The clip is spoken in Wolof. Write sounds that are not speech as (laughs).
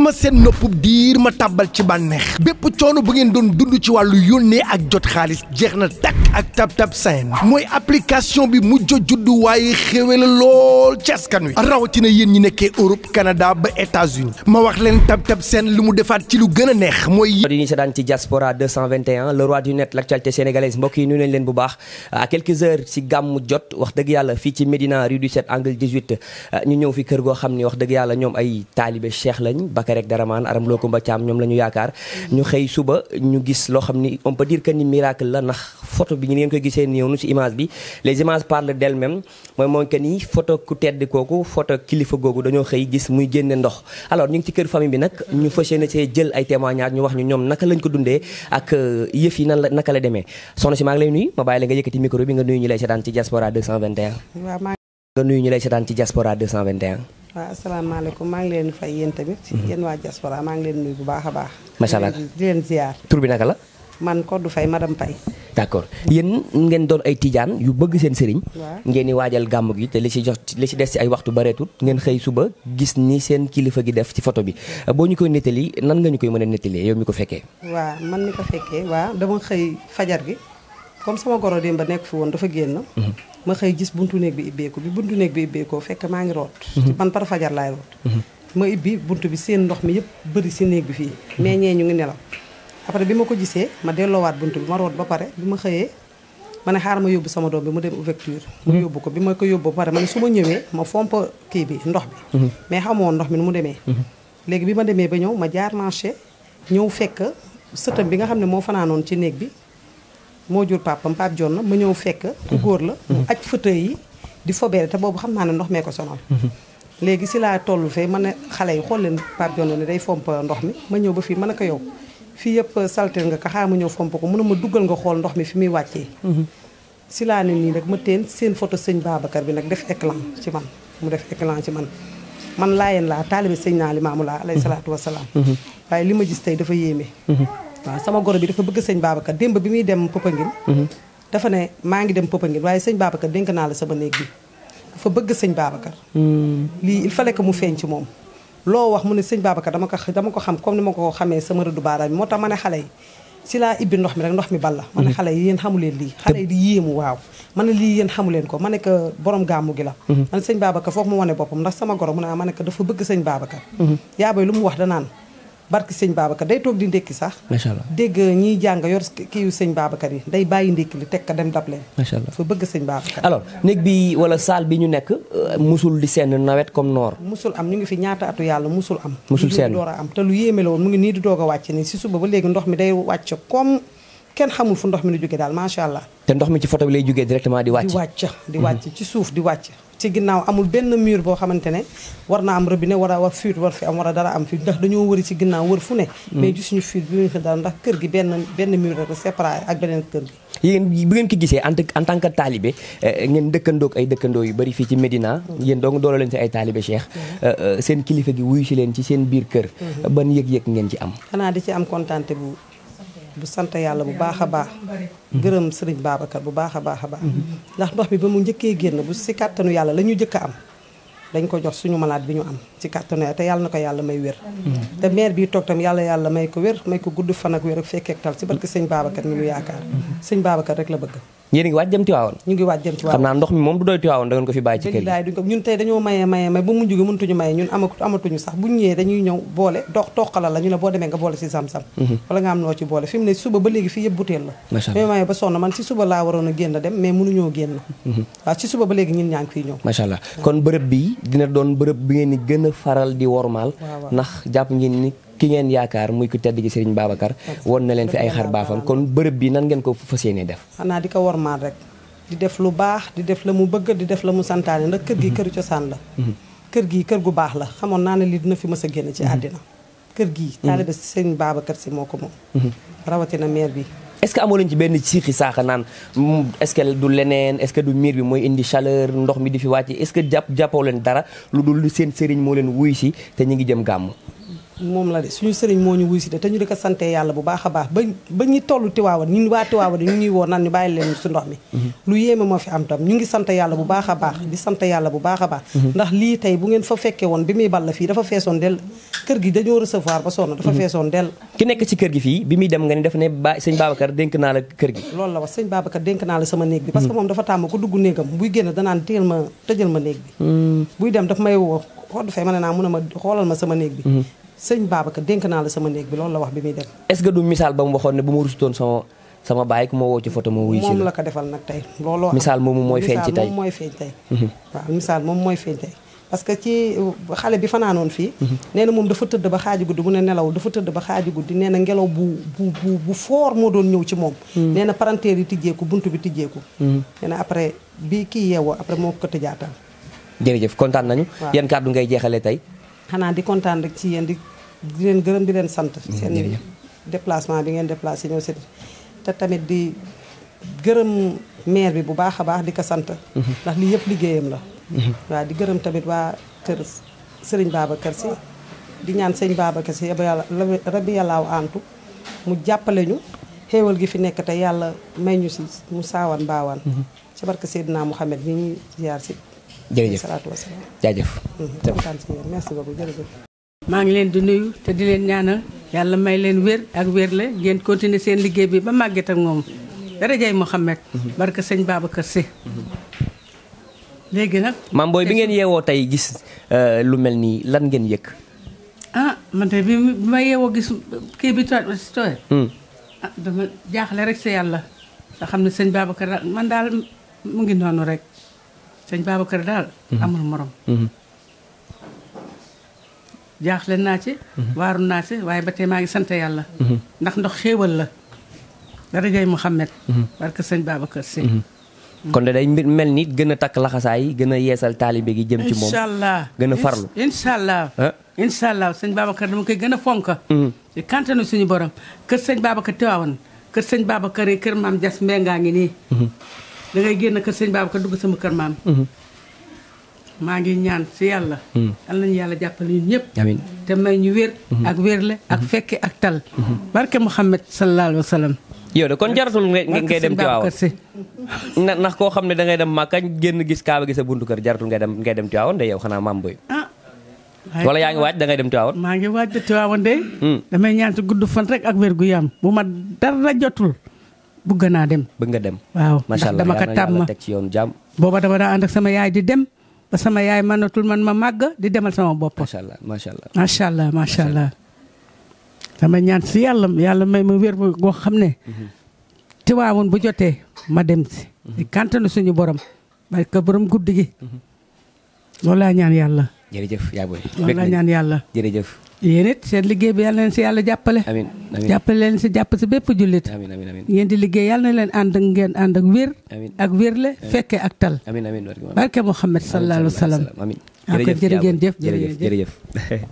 ma seen noppub diir ma tàbbal ci bànneex bépp coono bu ngeen doon dund ci wàllu yónnee ak jot xaalis jeex na takk ak Tab Tab Send mooy application bi mu mujj juddu waaye xéwe la lool ci askan wi rawatina yéen ñi nekkee Europe Canada ba États-Unis ma wax leen Tab Tab Send lu mu defaat ci lu gën a neex mooy. di ñu sa daan ci diaspora 221 le roi du net l'actualité sénégalaise mbokk yi nuyu nañ leen bu baax à quelques heures ci gàmmu jot wax dëgg yàlla fii ci Médina rue du 7 angle 18 ñu ñëw fi kër goo xam ni wax dëgg yàlla ñoom ay taalibe cheikh lañ yaakaar ak daramaan aram loo kumba caam ñoom la ñu yaakaar ñu xëy suba ñu gis loo xam ni on peut dire que ni miracle la ndax photo bi ñu ngeen koy gisee noonu ci image bi les images parlent d'elles-mêmes mooy mooy que ni photo ku tedd kooku photo kilifa googu dañoo xëy gis muy génne ndox alors ñu ngi ci kër famille bi nag ñu fas yéene see jël ay témoignages ñu wax ñu ñoom naka lañ ko dundee ak euh, yëf yi nan naka la demee soxna si maa lay nuyu ma bàyyi la nga yëkkati waaw asalaamaaleykum maa ngi leen fay yéen tamit. Mhm. yéen waa diaspora maa ngi leen nuyu bu baax a baax. macha allah tur bi naka la. man Kodou Faye madame Faye. d' accord yéen ngeen doon ay tiijaan yu bëgg seen sëriñ. ngeen di waajal gàmm gi te li ci jox li ci des ci ay waxtu bareetut ngeen xëy suba gis ni seen kilifa gi def ci photo bi boo ñu koy nettali nan nga ñu koy mën a nettalee yow mi ko fekkee. waaw man mi ko fekkee waa dama xëy fajar gi. comme sama goro démb ba nekk fi woon dafa génn. Mhm. ma xëy gis buntu néeg bi ibbeeku bi buntu néeg bi ibbeekoo fekk maa ngi root. Mhm. ci man par fajar laay root. Mhm. ma ibbi bunt bi seen ndox mi yëpp bëri si néeg bi fii. mais ñee ñu ngi nelaw après bi ma ko gisee ma delloowaat buntu bi ba pare bi ma xëyee. ma ne xaar ma yóbbu sama doom bi mu dem ouverture mu yóbbu ko bi ma ko yóbbu ba pare ma ne su ma ñëwee ma fomp kii bi ndox bi mais xamoon ndox mi nu mu demee léegi bi ma demee ba ñëw ma jaar marché ñëw fekk sëtam bi nga xam ne moo fanaanoon ci néeg bi moo jur papam pap joon na ma ñëw fekk ku mhm. góor la mu mhm. aj fauteuil yi di fobeere te boobu xam naa ne ndox mee ko sonal mhm. léegi si laa toll fee ma ne xale yi xool leen pap joon ne day fomp ndox mi ma ñëw ba fii man na ko yow fii yëpp saltel nga ko xaa ma ñëw fomp ko mun a ma dugal nga xool ndox mi fi muy wàccee si laa ne nii nag ma teen seen photo sëñ Babacar bi nag def écran ci man mu def écran ci man man laayeen laa taalibe sëñ naa li maamu laa alayhi salaatu wasalaam li ma gis tey dafa yéeme waaw sama goro bi dafa bëgg sëñ Babacar démb bi muy dem Popenguine mhm. dafa ne maa ngi dem Popenguine waaye sëñ Babacar dénk naa la sama néeg bi dafa bëgg sëñ Babacar hmm. lii il fallait mu feeñ moom loo wax mu ne sëñ Babacar dama ko ko xam comme ni ma ko xamee sama rëddu baaraam bi moo tax ma ne xale yi ibbi ndox mi rek ndox mi balla ma ne hmm. xale yi yéen xamuleen lii xale yi waaw ma lii yéen xamuleen ko ma ne borom gàmmu gi la hmm. ma ne sëñ Babacar foog mu wane boppam ndax sama goro mu ne ah, ma ne que dafa bëgg sëñ Babacar yaa lu mu wax danaan barki sëñ Babacar day toog di ndékki sax. macha allah dégg ñiy jàng yor kii sëñ Babacar yi day bàyyi ndékki li teg ka dem dab leen. macha allah fa bëgg sëñ Babacar. alors néeg bi wala salle bi ñu nekk euh, musul seen nawet comme noor. musul am ñu ngi fi ñaata yàlla musul am. musul seen door a am lu yéeme mu ngi nii di doog wàcc nii si suba ba léegi ndox mi day wàcc comme. kenn xamul fu ndox mi di jógee daal macha allah. te ndox mi ci photo lay jógee directement di wàcc. di wàcc di wàcc ci suuf di wàcc. ci ginnaaw amul benn mur boo xamante ne war naa am robinet war a war fuite war fi am war a dara am fi ndax dañoo wëri ci ginnaaw wër fu ne hmm. mais gisuñu fuite bi ñu fi dara ndax kër gi benn benn rek séparé ak beneen kër gi yéen bi ngeen ko gisee en tant que taalibe eh, ngeen dëkkandoog ay dëkkandoo yu bari fii ci Médina hmm. yéen donc dooloo leen si ay taalibe Cheikh hmm. eh, eh, seen kilifa gi wuyu si leen ci seen biir kër ban yëg-yëg ngeen ci am xanaa di ci am kontaante bu bu sant yàlla bu baax a baax gërëm sëriñ Babacar bu baax a baax a baax ndax ndox bi ba mu njëkkee génn bu si kàttanu yàlla la ñu njëkk am dañ ko jox suñu malaat bi ñu am ci kàttanu te yàlla na ko yàlla may wér te maire bii toog tam yàlla yàlla may ko wér may ko gudd fan ak wér ak fekkeek tal ci barke sëñ baabakat mi ñu yaakaar sëñ Babacar rek la bëgg yéen a ngi waaj jëm Tiwaawoon ñu ngi waaj jëm Tiwaawoon xam naa ndox mi moom du doy Tiwaawoon da ko fi bàyyi ci kër gi ñëw boole dox toqalal la ñu ne boo demee nga boole si sam-sam mhm. wala nga am noo ci boole fi ne suba ba léegi fii yëpp butéel la mais maye ba sonn man si suba laa waroon a génn dem mais mënuñoo génn mhm. waaw si suba ba léegi ñun ñaa ngi ñëw macha kon bërëb bi dina doon bërëb bi ngeen ni a faral di ki ngeen yaakaar muy ku tedd gi Serigne Babacar won na leen fi ay xar baafam kon bërëb bi nan ngeen ko fas yéenee def xanaa di ko wormaal rek def lu baax di def la mu bëgg di def la mu santaane ndax kër gi mhm. këru cosaan la mhm. kër gi kër gu baax la xamoon naa ne lii dina fi mës a génn ci mhm. àddina kër gii taalibe Serigne Babacar si moo ko moom rawatina maire bi est-ce que amoo leen ci benn siixi saaxa naan mm, est du leneen est-ce que du miir bi mooy indi chaleur ndox mi di fi wàcc est-ce que jàpp jàppoo leen dara lu dul seen sëriñ moo leen wuy si te ñu ngi jëm gàmmu moom la de suñu sëriñ moo ñu wuy si de te ñu di ko sante yàlla bu baax a baax ba ba ñi toll tiwaawan ñun waa tiwaawan ñu ngi woo naan ñu bàyyi leen su ndox mi mm-hmm. lu yéeme moo fi am tam ñu ngi sant yàlla bu baax a baax di sant yàlla bu baax a baax mm-hmm. ndax lii tey bu ngeen fa fekkee woon bi muy ball fii dafa feesoon del kër gi dañoo recevoir ba sonn dafa mm-hmm. feesoon del ki nekk ci kër gi fii bi muy dem nga ne daf ne ba sëñ Babacar dénk naa la kër gi loolu la wax sëñ Babacar dénk naa la sama néeg bi parce que moom dafa danaan tëjal ma tëjal ma néeg bi dem daf may woo xool fay ma ne naa mun a ma xoolal ma sama néeg bi sëñ Babacar dénk naa la sama néeg bi loolu la wax bi muy dem. est-ce que du misaal ba mu waxoon ne bu ma rusutoon sama sama baay ku ma woo ci photo ma moom la ko defal nag tey looloo. misaal moomu mooy feeñ ci tey misaal moom mooy feeñ tey. Mhm. waaw moom mooy feeñ parce que ci euh, xale bi fanaanoon fii mhm. nee na moom dafa tëdd ba xaaju guddi mu ne nelaw dafa tëdd ba xaaju guddi nee na ngelaw bu bu bu bu moo doon ñëw ci moom mhm. nee na parenteer yi tijjeeku bunt bi tijjeeku nee après bi kii yeewoo après moo ko tëjaatal jërëjëf kontaan nañu yan kàddu ngay jeexalee tey xanaa di kontaan rek ci yéen di di leen gërëm di leen sant mm-hmm. seen déplacement bi ngeen déplacé ñëw si te tamit di gërëm maire bi bu baax a baax di ko sant mm-hmm. ndax lii yëpp liggéeyam la mm-hmm. waaw di gërëm tamit waa kër sëriñ Babacar si di ñaan sëñ Babacar si rabi yàllaaw antu mu jàppale ñu xéewal gi fi nekk te yàlla may ñu si mu saawan baawaan ci barke Seydina Mouhamed ñi ñuy ziar si jërëjëf salaatu wasalaam jaajëf merci maa ngi leen di nuyu te di leen ñaanal yàlla may leen wér ak wér la ngeen continuer seen liggéey bi ba màgget ak moom darajay Mouhamed barke sëñ Babacar Sy léegi nag maam booy bi ngeen yeewoo tey gis euh, lu mel nii lan ngeen yëg ah man bi ma gis kii bi tooy tooy hmm. ah, jaaxle rek si yàlla xam ne sëñ Babacar daal man daal mu ngi noonu rek sëñ Babacar daal hmm. amul morom hmm. jaaxle naa ci. Mhm. waaru naa ci waaye ba tey maa ngi sant yàlla. Mhm. ndax ndox xéewal la. darajay Muhammad. Mhm. barke sëñ Babacar Sy. kon de day mel ni gën a takk laxasaay gën a yeesal taalibe gi jëm ci moom. incha allah gën a farlu incha allah. incha allah dama koy gën a fonk. ci kantanu suñu borom kër sañ Babacar Tiwaawan kër sëñ Babacar yi kër maam Dias Mbengue ngi nii. da ngay génn kër sëñ Babacar dugg sama kër maam. maa ngi ñaan si yàlla. na hmm. nañu yàlla jàppale ñun ñëpp. amiin te may ñu wér. Hmm. ak wérle ak hmm. fekke ak tal. barke Muhammad sallallahu alayhi wa sallam. yow de kon jaratul ngay dem Tiwaawan na ndax xam ne da ngay dem Màkka génn gis Kaaba gi sa buntu kër jaratul ngay dem ngay dem Tiwaawan de yow xanaa maam boy ah. wala yaa ngi waaj dangay ngay dem Tiwaawan maa ngi waaj de Tiwaawan de. damay ñaan si gudd fan rek ak wér gu yaam bu ma dara jotul. bëgg naa dem bëgg nga dem. waaw ndax dama ko tàmm waaw booba dama daa ànd ak sama yaay di dem. ba sama yaay mënatul man ma màgg di demal sama bopp. macha allah macha allah macha allah macha ñaan si yàlla yàlla may ma wér goo xam ne. Mhm. tiwaawoon bu jotee ma dem si. Mhm. di kàntanu suñu borom. parce que borom guddi gi. Mhm. loolu ñaan yàlla. jërëjëf yaa booy. loolu la ñaan yàlla jërëjëf. yéen seen liggéey bi yàlla na leen si yàlla jàppale. amiin amiin jàppale leen si jàpp si bépp jullit. amiin amiin amiin ngeen di liggéey yal na leen ànd ak ngeen ànd ak wér. amiin ak wérle fekke ak tal. amiin amiin barke Muhammad sallallahu alayhi wa sallam. amiin jërëjëf yaa booy jërëjëf jërëjëf (laughs)